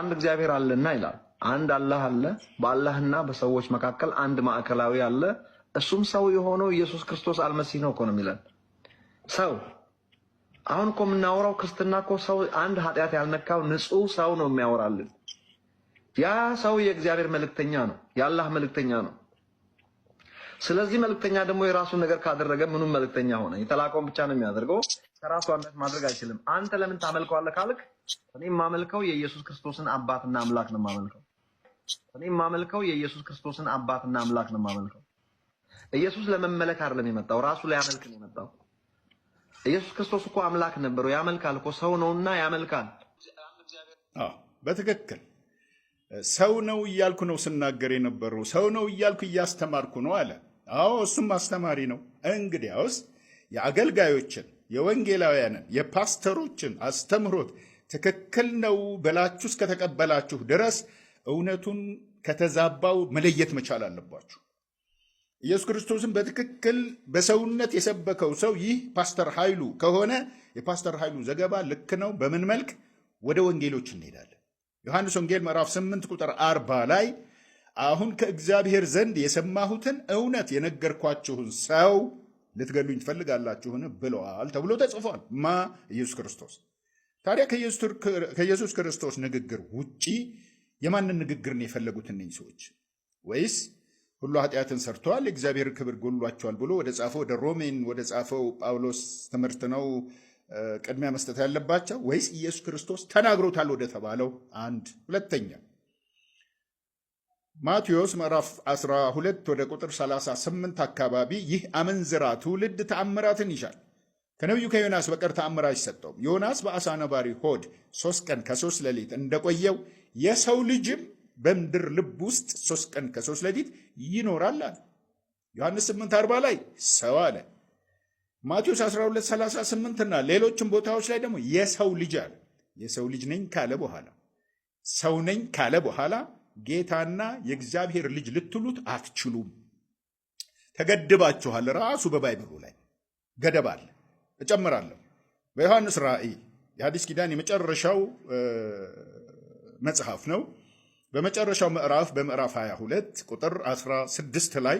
አንድ እግዚአብሔር አለና ይላል። አንድ አላህ አለ። በአላህና በሰዎች መካከል አንድ ማዕከላዊ አለ። እሱም ሰው የሆነው ኢየሱስ ክርስቶስ አልመሲህ ነው እኮ ነው የሚለን። ሰው አሁን እኮ የምናወራው ክርስትና እኮ ሰው አንድ ኃጢአት ያልነካው ንጹህ ሰው ነው የሚያወራልን። ያ ሰው የእግዚአብሔር መልእክተኛ ነው፣ የአላህ መልእክተኛ ነው። ስለዚህ መልእክተኛ ደግሞ የራሱን ነገር ካደረገ ምኑም መልእክተኛ ሆነ? የተላቀውን ብቻ ነው የሚያደርገው። ከራሱ አንዳች ማድረግ አይችልም። አንተ ለምን ታመልከዋለህ ካልክ እኔ የማመልከው የኢየሱስ ክርስቶስን አባትና አምላክ ነው የማመልከው። እኔ የማመልከው የኢየሱስ ክርስቶስን አባትና አምላክ ነው የማመልከው። ኢየሱስ ለመመለክ አይደለም የመጣው፣ ራሱ ሊያመልክ ነው የመጣው። ኢየሱስ ክርስቶስ እኮ አምላክ ነበረው፣ ያመልካል እኮ ሰው ነውና ያመልካል። አዎ በትክክል ሰው ነው እያልኩ ነው ስናገር የነበረው ሰው ነው እያልኩ እያስተማርኩ ነው አለ። አዎ እሱም አስተማሪ ነው። እንግዲያውስ የአገልጋዮችን የወንጌላውያንን የፓስተሮችን አስተምህሮት ትክክል ነው ብላችሁ እስከተቀበላችሁ ድረስ እውነቱን ከተዛባው መለየት መቻል አለባችሁ። ኢየሱስ ክርስቶስን በትክክል በሰውነት የሰበከው ሰው ይህ ፓስተር ኃይሉ ከሆነ የፓስተር ኃይሉ ዘገባ ልክ ነው። በምን መልክ ወደ ወንጌሎች እንሄዳለን። ዮሐንስ ወንጌል ምዕራፍ 8 ቁጥር 40 ላይ አሁን ከእግዚአብሔር ዘንድ የሰማሁትን እውነት የነገርኳችሁን ሰው ልትገሉኝ ትፈልጋላችሁን ብለዋል ተብሎ ተጽፏል። ማ ኢየሱስ ክርስቶስ ታዲያ ከኢየሱስ ክርስቶስ ንግግር ውጪ የማንን ንግግርን የፈለጉት እነኝ ሰዎች? ወይስ ሁሉ ኃጢአትን ሰርተዋል እግዚአብሔር ክብር ጎሏቸዋል ብሎ ወደ ጻፈው ወደ ሮሜን ወደ ጻፈው ጳውሎስ ትምህርት ነው ቅድሚያ መስጠት ያለባቸው ወይስ ኢየሱስ ክርስቶስ ተናግሮታል ወደ ተባለው? አንድ ሁለተኛ ማቴዎስ ምዕራፍ 12 ወደ ቁጥር 38 አካባቢ ይህ አመንዝራ ትውልድ ተአምራትን ይሻል ከነቢዩ ከዮናስ በቀር ተአምር አይሰጠውም። ዮናስ በአሳ ነባሪ ሆድ ሶስት ቀን ከሶስት ሌሊት እንደቆየው የሰው ልጅም በምድር ልብ ውስጥ ሶስት ቀን ከሶስት ሌሊት ይኖራል አለ። ዮሐንስ 8 40 ላይ ሰው አለ። ማቴዎስ 12 38 እና ሌሎችም ቦታዎች ላይ ደግሞ የሰው ልጅ አለ። የሰው ልጅ ነኝ ካለ በኋላ ሰው ነኝ ካለ በኋላ ጌታና የእግዚአብሔር ልጅ ልትሉት አትችሉም፣ ተገድባችኋል። ራሱ በባይብሉ ላይ ገደብ አለ። እጨምራለሁ። በዮሐንስ ራእይ የሐዲስ ኪዳን የመጨረሻው መጽሐፍ ነው። በመጨረሻው ምዕራፍ በምዕራፍ 22 ቁጥር 16 ላይ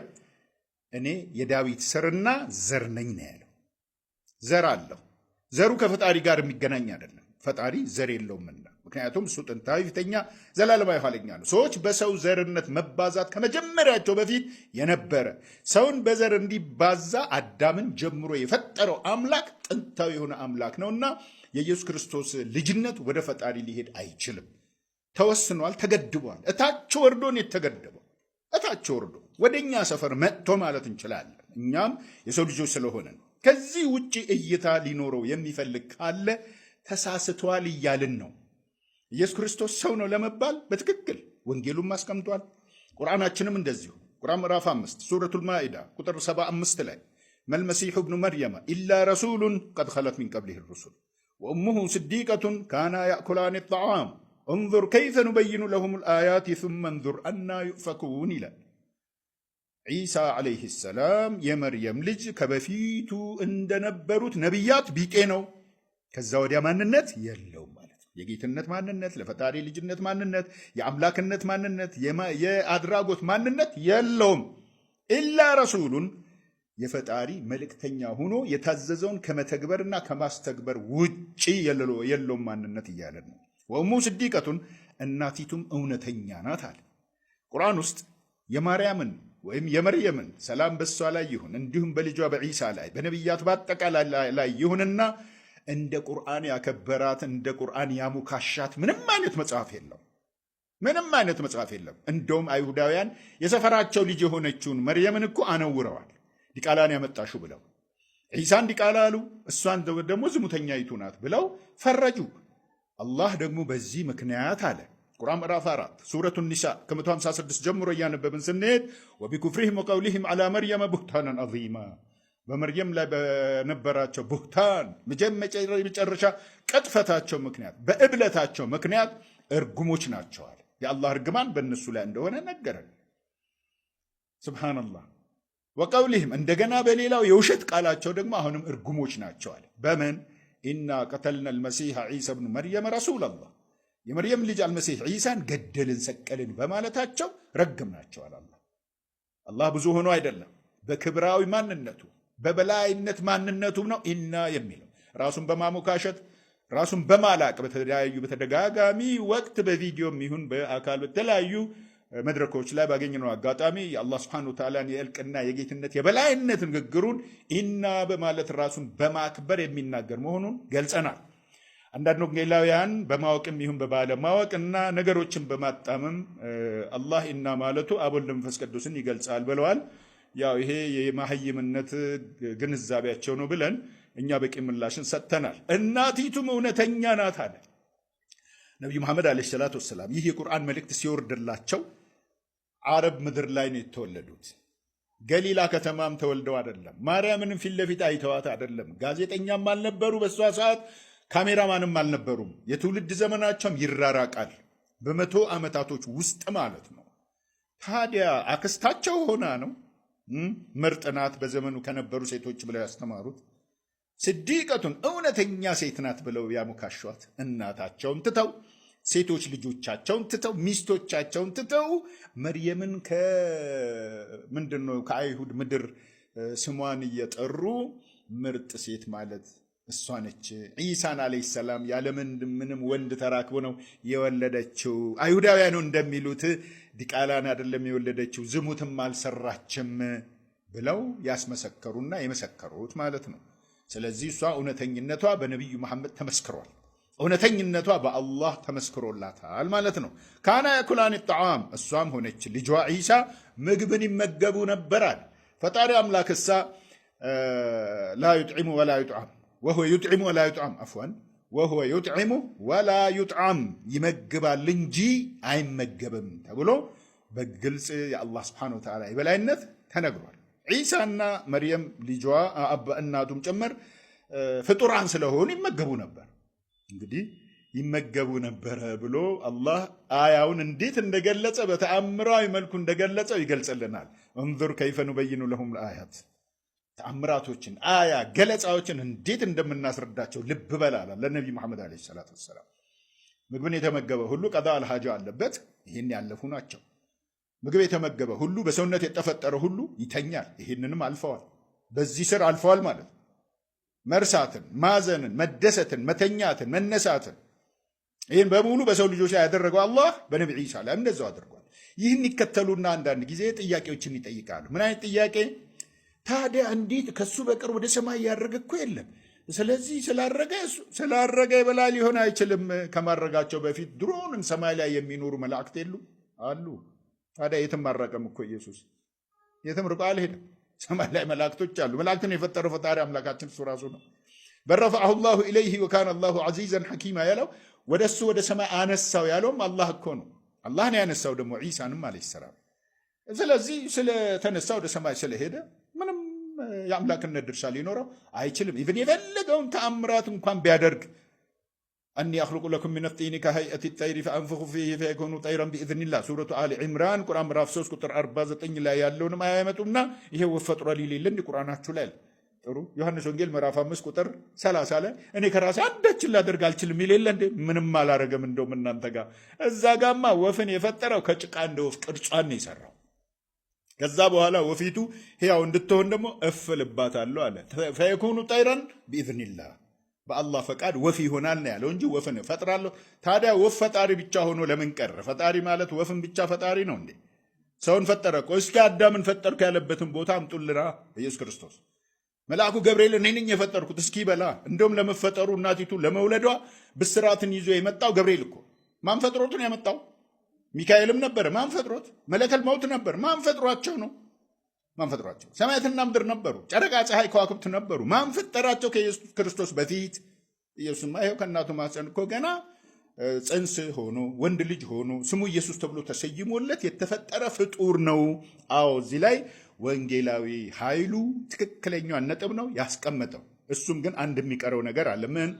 እኔ የዳዊት ስርና ዘር ነኝ ነው ያለው። ዘር አለው። ዘሩ ከፈጣሪ ጋር የሚገናኝ አይደለም። ፈጣሪ ዘር የለውምና ምክንያቱም እሱ ጥንታዊ ፊተኛ ዘላለማዊ ኋለኛ ነው። ሰዎች በሰው ዘርነት መባዛት ከመጀመሪያቸው በፊት የነበረ ሰውን በዘር እንዲባዛ አዳምን ጀምሮ የፈጠረው አምላክ ጥንታዊ የሆነ አምላክ ነውና የኢየሱስ ክርስቶስ ልጅነት ወደ ፈጣሪ ሊሄድ አይችልም። ተወስኗል፣ ተገድቧል። እታች ወርዶን የተገደበው እታች ወርዶ ወደኛ ሰፈር መጥቶ ማለት እንችላለን። እኛም የሰው ልጆች ስለሆነን ከዚህ ውጭ እይታ ሊኖረው የሚፈልግ ካለ ተሳስተዋል እያልን ነው። ኢየሱስ ክርስቶስ ሰው ነው ለመባል በትክክል ወንጌሉም አስቀምጧል። ቁርአናችንም እንደዚሁ ቁርአን ምዕራፍ 5 ሱረቱል ማኢዳ ቁጥር 75 ላይ መልመሲሑ ብኑ መርየመ ኢላ ረሱሉን ቀድ ኸለት ሚን ቀብሊህ ሩሱል ወእሙሁ ስዲቀቱን ካና ያእኩላን ጣዓም እንዙር ከይፈ ኑበይኑ ለሁም ልአያት ثመ እንዙር አና ዩእፈኩን ይላል። ዒሳ ዓለይህ ሰላም የመርየም ልጅ ከበፊቱ እንደነበሩት ነቢያት ቢጤ ነው። ከዛ ወዲያ ማንነት የለውም። የጌትነት ማንነት፣ ለፈጣሪ ልጅነት ማንነት፣ የአምላክነት ማንነት፣ የአድራጎት ማንነት የለውም። ኢላ ረሱሉን የፈጣሪ መልእክተኛ ሆኖ የታዘዘውን ከመተግበርና ከማስተግበር ውጪ የለውም ማንነት እያለን ነው። ወሙ ስዲቀቱን እናቲቱም እውነተኛ ናት አለ። ቁርአን ውስጥ የማርያምን ወይም የመርየምን ሰላም በሷ ላይ ይሁን እንዲሁም በልጇ በዒሳ ላይ በነቢያት በአጠቃላይ ላይ ይሁንና እንደ ቁርአን ያከበራት እንደ ቁርአን ያሙካሻት ምንም አይነት መጽሐፍ የለም። ምንም አይነት መጽሐፍ የለም። እንደውም አይሁዳውያን የሰፈራቸው ልጅ የሆነችውን መርየምን እኮ አነውረዋል። ዲቃላን ያመጣሹ ብለው ዒሳን ዲቃላ አሉ፣ እሷን ደግሞ ዝሙተኛይቱ ናት ብለው ፈረጁ። አላህ ደግሞ በዚህ ምክንያት አለ ቁርአን ምዕራፍ 4 ሱረቱ ኒሳ ከ156 ጀምሮ እያነበብን ስንሄድ ወቢኩፍሪህም ወቀውሊህም ዓላ መርየመ ቡህታናን አዚማ በመርየም ላይ በነበራቸው ቡህታን መጨረሻ ቅጥፈታቸው ምክንያት በእብለታቸው ምክንያት እርጉሞች ናቸዋል። የአላህ እርግማን በእነሱ ላይ እንደሆነ ነገረን። ስብሓንላህ ወቀውሊህም እንደገና በሌላው የውሸት ቃላቸው ደግሞ አሁንም እርጉሞች ናቸዋል። በምን ኢና ቀተልና አልመሲሕ ዒሳ ብኑ መርየም ረሱለላህ የመርየም ልጅ አልመሲሕ ዒሳን ገደልን፣ ሰቀልን በማለታቸው ረግም ናቸዋል። አላህ አላህ ብዙ ሆኖ አይደለም በክብራዊ ማንነቱ በበላይነት ማንነቱም ነው ኢና የሚለው ራሱን በማሞካሸት ራሱን በማላቅ በተለያዩ በተደጋጋሚ ወቅት በቪዲዮም ይሁን በአካል በተለያዩ መድረኮች ላይ ባገኘነው አጋጣሚ የአላህ ስብሐነሁ ወተዓላን የእልቅና የጌትነት የበላይነት ንግግሩን ኢና በማለት ራሱን በማክበር የሚናገር መሆኑን ገልጸናል። አንዳንድ ወንጌላውያን በማወቅም ይሁን በባለማወቅ እና ነገሮችን በማጣመም አላህ ኢና ማለቱ አብ ወልድ መንፈስ ቅዱስን ይገልጻል ብለዋል። ያው ይሄ የማህይምነት ግንዛቤያቸው ነው ብለን እኛ በቂ ምላሽን ሰጥተናል። እናቲቱም እውነተኛ ናት አለ ነቢዩ መሐመድ ዓለይሂ ሰላት ወሰላም። ይህ የቁርአን መልእክት ሲወርድላቸው አረብ ምድር ላይ ነው የተወለዱት። ገሊላ ከተማም ተወልደው አይደለም። ማርያምንም ፊት ለፊት አይተዋት አይደለም። ጋዜጠኛም አልነበሩ በእሷ ሰዓት፣ ካሜራማንም አልነበሩም። የትውልድ ዘመናቸውም ይራራቃል። በመቶ ዓመታቶች ውስጥ ማለት ነው። ታዲያ አክስታቸው ሆና ነው ምርጥ ናት በዘመኑ ከነበሩ ሴቶች ብለው ያስተማሩት ስዲቀቱን እውነተኛ ሴት ናት ብለው ያሞካሿት እናታቸውን ትተው ሴቶች ልጆቻቸውን ትተው ሚስቶቻቸውን ትተው መርየምን ከምንድን ነው ከአይሁድ ምድር ስሟን እየጠሩ ምርጥ ሴት ማለት እሷ ነች። ዒሳን ዓለይሂ ሰላም ያለ ምንም ወንድ ተራክቦ ነው የወለደችው። አይሁዳውያኑ እንደሚሉት ዲቃላን አይደለም የወለደችው፣ ዝሙትም አልሰራችም ብለው ያስመሰከሩና የመሰከሩት ማለት ነው። ስለዚህ እሷ እውነተኝነቷ በነቢዩ መሐመድ ተመስክሯል። እውነተኝነቷ በአላህ ተመስክሮላታል ማለት ነው። ካና ያኩላን ጣዓም እሷም ሆነች ልጇ ዒሳ ምግብን ይመገቡ ነበራል። ፈጣሪ አምላክ እሳ ላ ዩጥዒሙ ወላ ዩጥዓም ወሁወ ዩጥዕሙ ወላ ዩጥዓም አፍዋን ወሁወ ዩጥዕሙ ወላ ዩጥዓም ይመግባል እንጂ አይመገብም ተብሎ በግልጽ የአላህ ስብሐነሁ ወተዓላ የበላይነት ተነግሯል። ዒሳና መርየም ልጇ እናቱም ጭምር ፍጡራን ስለሆኑ ይመገቡ ነበር። እንግዲህ ይመገቡ ነበረ ብሎ አላህ አያውን እንዴት እንደገለጸ በተአምራዊ መልኩ እንደገለጸው ይገልጽልናል። እንዙር ከይፈ ኑበይኑ ለሁም ለአያት ተአምራቶችን አያ ገለጻዎችን እንዴት እንደምናስረዳቸው ልብ በላላ ለነቢ መሐመድ ዓለይሂ ሰላቱ ወሰላም ምግብን የተመገበ ሁሉ ቀዳ አልሃጃ አለበት። ይህን ያለፉ ናቸው። ምግብ የተመገበ ሁሉ በሰውነት የጠፈጠረ ሁሉ ይተኛል። ይህንንም አልፈዋል። በዚህ ስር አልፈዋል ማለት ነው። መርሳትን፣ ማዘንን፣ መደሰትን፣ መተኛትን፣ መነሳትን ይህን በሙሉ በሰው ልጆች ላይ ያደረገው አላህ በነቢ ዒሳ ላይ እንደዛው አድርጓል። ይህን ይከተሉና አንዳንድ ጊዜ ጥያቄዎችን ይጠይቃሉ። ምን አይነት ጥያቄ ታዲያ እንዴት ከሱ በቀር ወደ ሰማይ ያረገ እኮ የለም። ስለዚህ ስላረገ ስላረገ ሊሆን አይችልም። ከማረጋቸው በፊት ድሮንም ሰማይ ላይ የሚኖሩ መላእክት የሉ አሉ። ታዲያ የትም አረቀም እኮ ኢየሱስ፣ የትም ርቆ አልሄደም። ሰማይ ላይ መላእክቶች አሉ። መላእክትን የፈጠረው ፈጣሪ አምላካችን እሱ ራሱ ነው። በረፋሁ ላሁ ኢለይህ ወካን አላሁ ዐዚዘን ሐኪማ ያለው ወደ እሱ ወደ ሰማይ አነሳው ያለውም አላህ እኮ ነው። አላህን ያነሳው ደግሞ ዒሳንም አለ ይሰራል። ስለዚህ ስለተነሳ ወደ ሰማይ ስለሄደ የአምላክነት ድርሻ ሊኖረው አይችልም። ኢቭን የፈለገውን ተአምራት እንኳን ቢያደርግ አኒ አክልቁ ለኩም ሚነ ጢኒ ከሀይአት ጠይሪ ፈአንፍኩ ፊህ ፈየኩኑ ጠይረን ቢኢዝኒላህ ሱረቱ አል ዒምራን ቁርአን ምዕራፍ 3 ቁጥር 49 ላይ ያለውንም አያመጡና ይሄ ወፈጥሮ ወፈጥሯል ይሌለን ቁርአናችሁ ላይ ጥሩ ዮሐንስ ወንጌል ምዕራፍ 5 ቁጥር 30 ላይ እኔ ከራሴ አንዳችን ላደርግ አልችልም ይሌለ እንዴ ምንም አላረገም እንደውም እናንተ ጋር እዛ ጋማ ወፍን የፈጠረው ከጭቃ እንደ ወፍ ቅርጿን ነው የሰራው ከዛ በኋላ ወፊቱ ሕያው እንድትሆን ደግሞ እፍ ልባታለሁ አለ። ፈየኩኑ ጠይረን ብኢዝኒላ በአላህ ፈቃድ ወፍ ይሆናል ነው ያለው እንጂ ወፍን እፈጥራለሁ። ታዲያ ወፍ ፈጣሪ ብቻ ሆኖ ለምን ቀረ? ፈጣሪ ማለት ወፍን ብቻ ፈጣሪ ነው እንዴ? ሰውን ፈጠረ እኮ። እስኪ አዳምን ፈጠርኩ ያለበትን ቦታ አምጡልና ኢየሱስ ክርስቶስ መልአኩ ገብርኤል እኔ ነኝ የፈጠርኩት እስኪ በላ እንደውም ለመፈጠሩ እናቲቱ ለመውለዷ ብስራትን ይዞ የመጣው ገብርኤል እኮ ማን ፈጥሮትን ያመጣው ሚካኤልም ነበር፣ ማን ፈጥሮት? መለከል መውት ነበር፣ ማን ፈጥሯቸው ነው? ማን ፈጥሯቸው? ሰማያትና ምድር ነበሩ፣ ጨረቃ፣ ፀሐይ፣ ከዋክብት ነበሩ፣ ማን ፈጠራቸው? ከኢየሱስ ክርስቶስ በፊት ኢየሱስማ ይኸው ከእናቱ ማኅፀን እኮ ገና ጽንስ ሆኖ ወንድ ልጅ ሆኖ ስሙ ኢየሱስ ተብሎ ተሰይሞለት የተፈጠረ ፍጡር ነው። አዎ እዚህ ላይ ወንጌላዊ ኃይሉ ትክክለኛውን ነጥብ ነው ያስቀመጠው። እሱም ግን አንድ የሚቀረው ነገር አለ። ምን?